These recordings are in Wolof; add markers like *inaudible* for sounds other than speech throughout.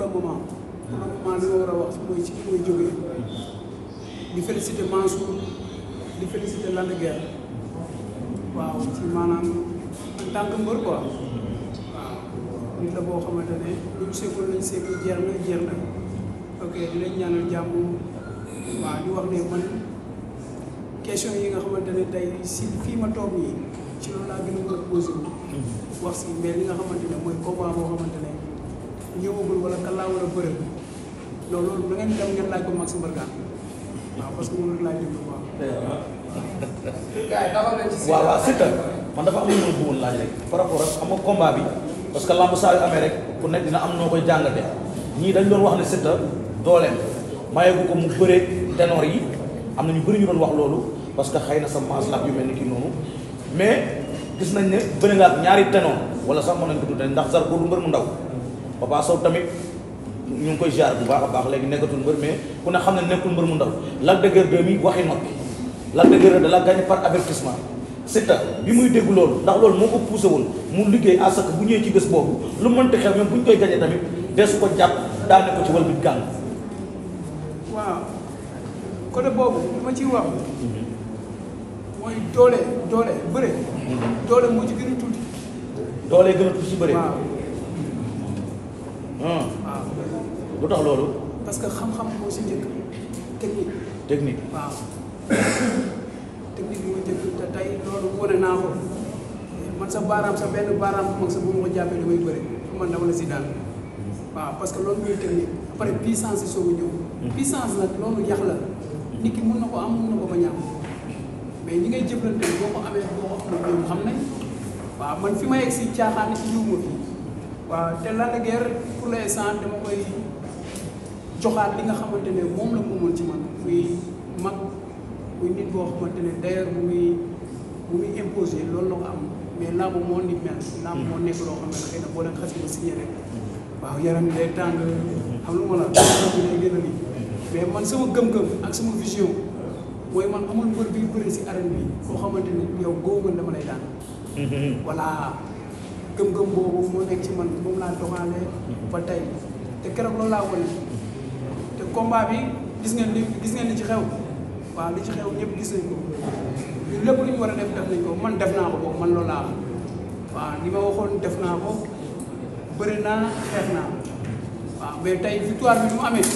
le moment pour le moment li war a wax mooy ci ki jógee di féliciter Mansour di féliciter Lac de waaw ci maanaam en tant que mbër quoi waaw nit la boo xamante ne lu mu sekkul lañ sekku jeex na jeex na ok di leen ñaanal jàmm waaw di wax ne man question yi nga xamante ne tey si fii ma toog nii ci loolu laa gën a mën mm-hmm. wax si mais li nga xamante ne mooy combat boo xamante ñëwagul wala kàllaa wala bëri non loolu da ngeen dem ngeen laaj waaw parce que moom rek laaj déglu quoi. man dafa am lu ñu bëggoon laaj rek par rapport ak xam nga combat bi parce que lamb saa amee rek ku nekk dina am noo koy jàngatee ñii dañ doon wax ne Siteu dooleem mayeeku ko mu bëree ténor yi am na ñu bëri ñu doon wax loolu parce que xëy na sa masse lak yu mel ni kii noonu mais gis nañ ne bëri nga ñaari ténor wala sax mën nañ ko tuddee ndax Zarko du mbër mu ndaw. Papa Sow tamit ñu ngi koy jaar bu baax baax léegi nekkatul mbër mais ku ne xam ne nekkul mbër mu ndaw Lac de Guiers 2 mi waxi noppi Lac de Guiers 2 la gagné par avertissement Siteu bi muy dégg loolu ndax loolu moo ko poussé woon mu liggéey à ce que bu ñëwee ci bés boobu lu mënti xew même bu ñu koy gagné tamit des ko jàpp daane ko ci wal bi gàng waaw côté boobu li ma ciy wax mooy doole doole bëre mhm. doole moo ci gën a tuuti doole gën a tuuti ci bëre waaw. lu tax loolu. parce que xam-xam moo si njëkk technique. technique waaw. technique bi ma njëkk te tey loolu wane naa ko man sa baaraam sa benn baaraam bu mag sa bu ma jàppee damay bëri fu man dama la si daan waaw parce que loolu mooy technique après puissance yi soog a ñëw. Hmm. puissance nag loolu yax la nit ki mun na ko am mun na ko bañ a mais ñi ngay jëflante boo ko amee boo ko amul ñoom xam nañ waaw man fi ma yegg si caaxaan ci ñëw ma fii. waaw te Lac de Guiers pour l'instant dama koy joxaat li nga xamante ne moom la moomoon ci man muy mag muy nit boo xamante ne d'ailleurs bu muy loolu la ko mais làmb moo moo nekk loo xam ne xëy na boo leen xasee ba signé rek waaw day tàng xam lu ma la bi mais man sama gëm-gëm ak sama vision mooy man amul mbër bi bëri si arène bi boo xamante ne yow góobu dama lay daan *laughs* voilà gëm-gëm boobu moo nekk ci man moom laa doxalee ba tey te keroog loolu laa wane te combat bi gis ngeen ni gis ngeen ni ci xew waaw li ci xew ñëpp gis nañ ko ñun lépp lu ñu war a def def nañ ko man def naa ko boobu man loolu laa waaw li ma waxoon def naa ko bëri naa xeex naa waaw mais tey victoire bi mu amee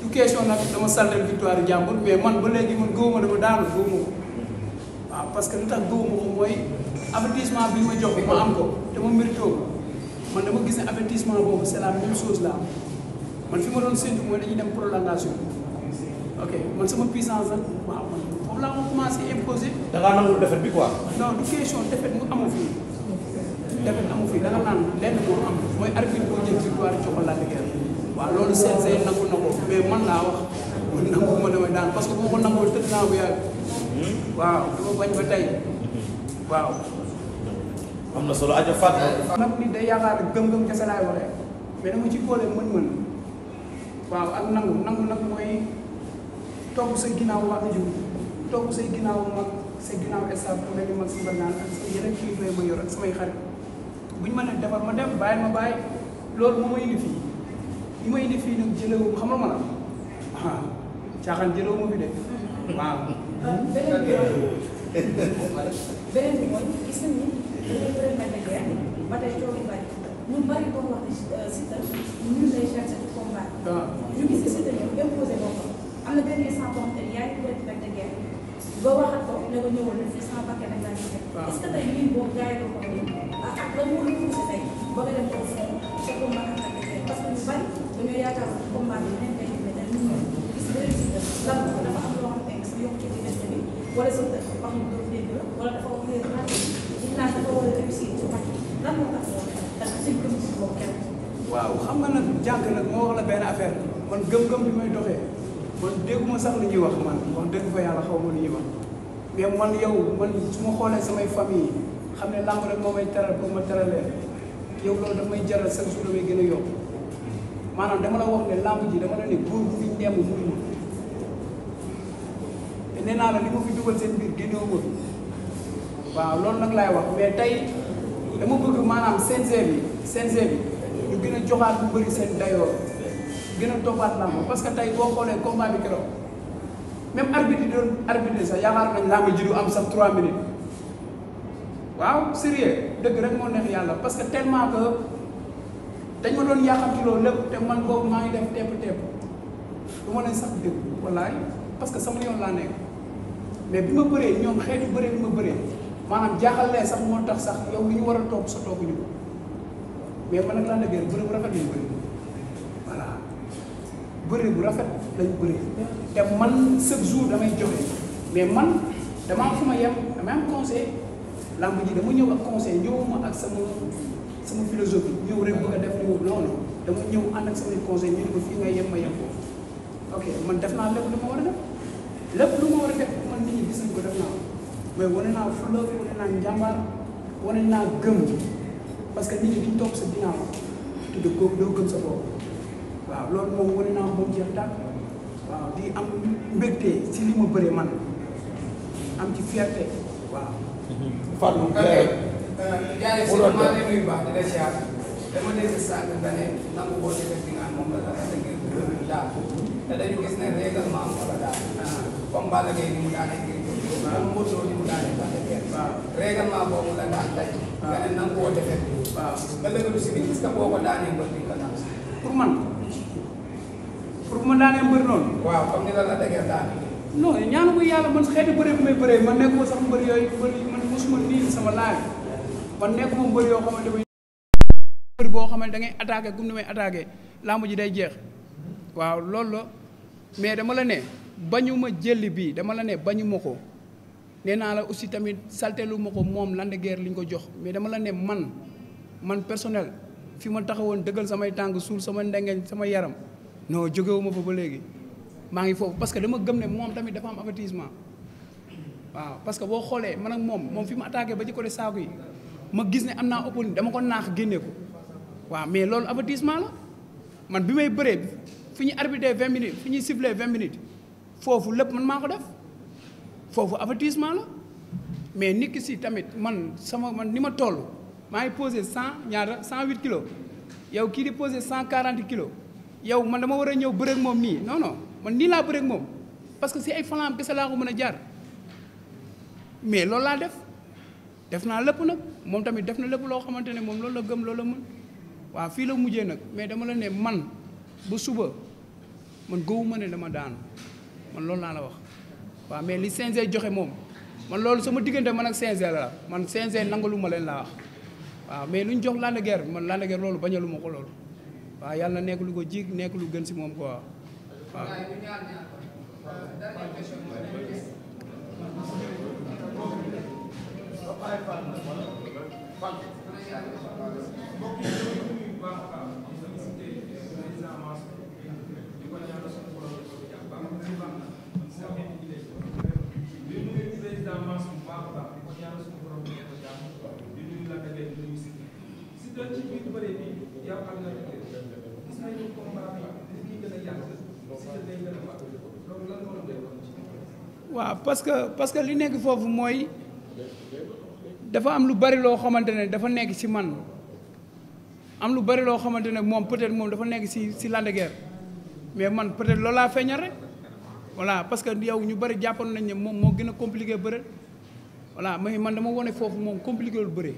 du question nag dama sàllal victoire yi jàmbur mais man ba léegi man gëwuma dama daanu gëwuma ko waaw parce que gëwuma ko mooy avertissement bi ma jox ma am ko te ma méritoo man dama gis ne avertissement boobu c'est la même chose là man fi ma doon séntu mooy dañuy dem prolongation ok man sama puissance la waaw man foofu laa ko da ngaa nangul défaite bi quoi. non du question défaite mu amu fii défaite amu fii da nga naan lenn moo am mooy la guerre waaw loolu CNG nangu na ko mais man laa wax man nangu ma damay daan parce que bu ma ko nangoo tëdd naa bu yàgg hmm? waaw dama bañ ba tey hmm. waaw. am na solo ajo fat mag nit day yaakaar gëm-gëm kese laay waree mais dama ci boole mën-mën waaw ak nangu nangu nag mooy topp sa ginnaaw wax ju topp say ginnaaw mag say ginnaaw staff mag sa yeneen kilifa yi ma yor ak samay xarit bu mën defar ma dem bàyyi ma bàyyi loolu moo ma indi xam nga ma fi de waaw. Ah, beneen bi beneen ba tey coow lu bari ñu bari ko wax Siteu ñun lay chercher du combat ñu gis Siteu ñoom imposé ko am na benn instant boo xam te yaa ngi koy def de guerre ba waxat ko ne ko ñëwoon na si sama paquet nag laa ci def est-ce que tey lii boo jaay ko ko ak ak la moo la poussé tey ba nga dem ko sa combat ak ak parce que ñu bari dañoo yaakaar ne combat bi neen day demee dañ ñu gis léegi Siteu lan dafa am loo xam ne yokk ci diggante bi wala Siteu jàng nag moo wax la benn affaire man gëm-gëm bi may doxee man dégguma sax li ñuy wax man wax dëgg fa yàlla xaw ma lu ñuy wax mais man yow man su ma xoolee samay famille xam ne làmb rek moom may teral pour ma teralee yow loolu daf may jaral chaque jour damay gën a yokk maanaam dama la wax ne làmb ji dama la ne góor bu fi ñeem muy ma te nee naa la li ma fi dugal seen biir génnewu ma waaw loolu nag laay wax mais tey dama bëgg maanaam CNG bi CNG bi ñu gën a joxaat bu bëri seen dayoo gën a toppaat làmb parce que tey boo xoolee combat bi keroog même arbitre yi doon arbitre sax yaakaar nañ làmb ji du am sax 3 minutes waaw sérieux dëgg rek moo neex yàlla parce que tellement dañ ma doon yàqamti loolu lépp te man boobu maa ngi def tepp-tepp du ma leen sax dëgg wallaay parce que sama yoon laa nekk mais bi ma bëree ñoom xeetu bëree bi ma bëree maanaam jaaxal lee sax moo tax sax yow li ñu war a toog sa tooguñu ko mais man ak Lac de Guiers bëre bu rafet lañ bëri voilà bëre bu rafet lañ bëri te man chaque jour damay joxe mais man dama am fu ma yem dama am conseil lamb ji dama ñëw ak conseil ñëwuma ak sama sama philosophie ñëw rek bëgg a def ñëw noonu dama ñëw ànd ak samay conseil ñu ne ko fii nga ma yem foofu ok man def naa lépp lu war a def lépp lu ma war a def man nit ñi gis nañ ko def naa mais wane naa fulla wane naa njàmbaar wane naa gëm parce que nit ñi duñ topp sa ginnaaw te de kooku doo gëm sa waaw loolu moom wane naa moom jeex tàkk waaw di am mbégte si li ma bëree man am ci fierté waaw. Fallou jaay jaay si maa ngi nuyu baax di la siyaar dama dégg sànq nga ne nangu boo ci def moom la la te dañu gis ne règlement wala daal ah, comme Balla Gaye ni mu daanee moom moo doon li mu daane ba pour man pour bu ma daanee mbër noonu waaw ñaanu ko yàlla man xeeti bëri bu may bëree man nekkuma sax mbër yooyu man mosuma nii sama laaj man nekkuma mbër yoo xamante ne mbër boo xam ne da ngay attaqué gum ni may attaqué lamb ji day jeex waaw loolu la mais dama la ne bañu ma jëlli bii dama la ne bañuma ma ko nee naa la aussi tamit salteeluma ko moom lan de guerre li ñu ko jox mais dama la ne man man personnel fi ma taxawoon dëggal samay tàng suul sama ndengeen sama yaram noo jógewuma fa ba léegi maa ngi foofu parce que dama gëm ne moom tamit dafa am avertissement waaw parce que boo xoolee man ak moom moom fi ma attaqué ba ci côté saaku yi ma gis ne am naa opportunité dama ko naax génne ko waaw mais loolu avertissement la man bi may bëree fi ñu arbitré vingt minutes fi ñuy sifflé vingt minutes foofu lépp man maa ko def foofu avertissement la mais nit ki si tamit man sama man ni ma toll maa ngi posé cent ñaata cent huit kilos yow kii di posé cent quarante kilos yow man dama war a ñëw bëreeg moom nii non non man nii laa bëreeg moom parce que si ay falaam kese laa ko mën a jaar mais loolu laa def def naa lépp nag moom tamit def na lépp loo xamante ne moom loolu la gëm loolu la mën waaw fii la mujjee nag mais dama la ne man ba suba man gëwuma ne dama daanu man loolu laa la wax. waaw mais li CNG joxe moom man loolu sama diggante man ak CNG la man CNG nangalu ma leen laa wax mais lu ñu jox Lac de Guiers man Lac de loolu bañalu ma ko loolu waaw yàlla nekk lu ko jig nekk lu gën si moom quoi waaw. waaw parce que parce que li nekk foofu mooy dafa am lu bari loo xamante ne dafa nekk ci man am lu bari loo xamante ne moom peut-être moom dafa nekk ci ci Ladeguère mais man peut-être loolu laa feeñal rek voilà parce que yow ñu bari jàppoon nañ ne moom moo gën a compliqué bëre voilà mais man dama wone foofu moom compliqué lu bëre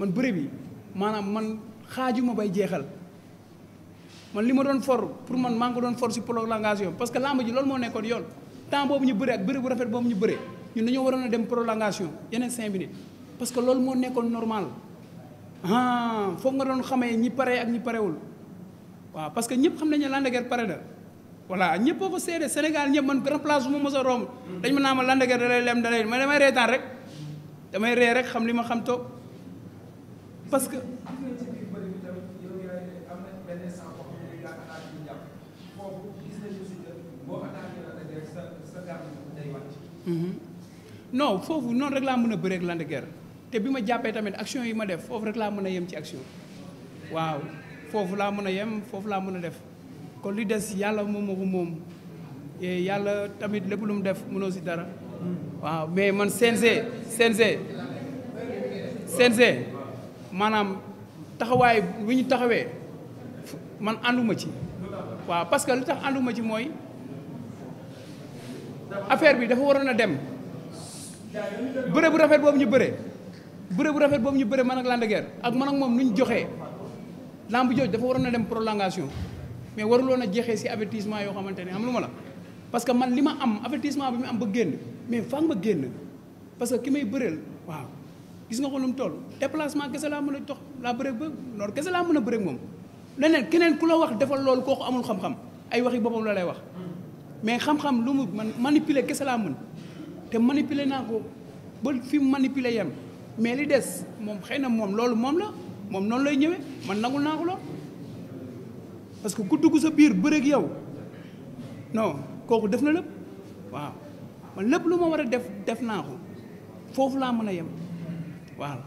man bëre bi maanaam man xaajuma bay jeexal. man li ma doon for pour man maa ngi doon for si prolongation parce que lamb ji loolu moo nekkoon yoon temps boobu ñu bëree ak bëri bu rafet boobu ñu bëree ñun dañoo waroon a dem prolongation yeneen cinq minutes parce que loolu moo nekkoon normal ah foofu nga doon xamee ñi pare ak ñi parewul waaw parce que ñëpp xam nañu ne Lac de pare na voilà ñëpp boo ko seede Sénégal ñëpp man grand place bu ma mos a romb dañ ma naa ma Lac de Guiers dalay lem dalay mais damay reetaan rek ree rek xam li ma xam toog parce que Mm-hmm. non foofu noonu rek laa mën a bëreeg lan de guerre te bi ma jàppee tamit action yi ma def foofu rek laa mën a yem ci action waaw foofu laa mën a yem foofu laa mën a def kon li des yàlla moom moo moom yàlla tamit lépp lu mu def mënoo si dara waaw mais man CNG CNG CNG maanaam taxawaay bu ñu taxawee man ànduma ci waaw parce que lu tax ànduma ci mooy affaire bi dafa waroon a dem bëre bu rafet boobu ñu bëre bëre bu rafet boobu ñu bëre man ak Lac de Guiers ak man ak moom nu ñu joxee lamb jooj dafa waroon a dem prolongation mais waruloon a jeexee si avertissement yoo xamante ne am lu ma la parce que man li ma am avertissement bi mu am ba génn mais faa nga génn parce que ki may bëreel waaw gis nga ko lu mu toll déplacement kese laa mën a jox laa bëre ba noonu kese laa mën a bëre moom leneen keneen ku la wax defal loolu kooku amul xam-xam ay waxi boppam la lay wax mais xam-xam lu mu man manipuler kese laa mën te manipuler naa ko ba fi mu manipuler yem mais li des moom xëy na moom loolu moom la moom noonu lay ñëwee man nangul naa ko lool parce que ku dugg sa biir bëreeg yow non kooku def na lépp waaw man lépp lu ma war a def def naa ko foofu laa mën a yem waaw.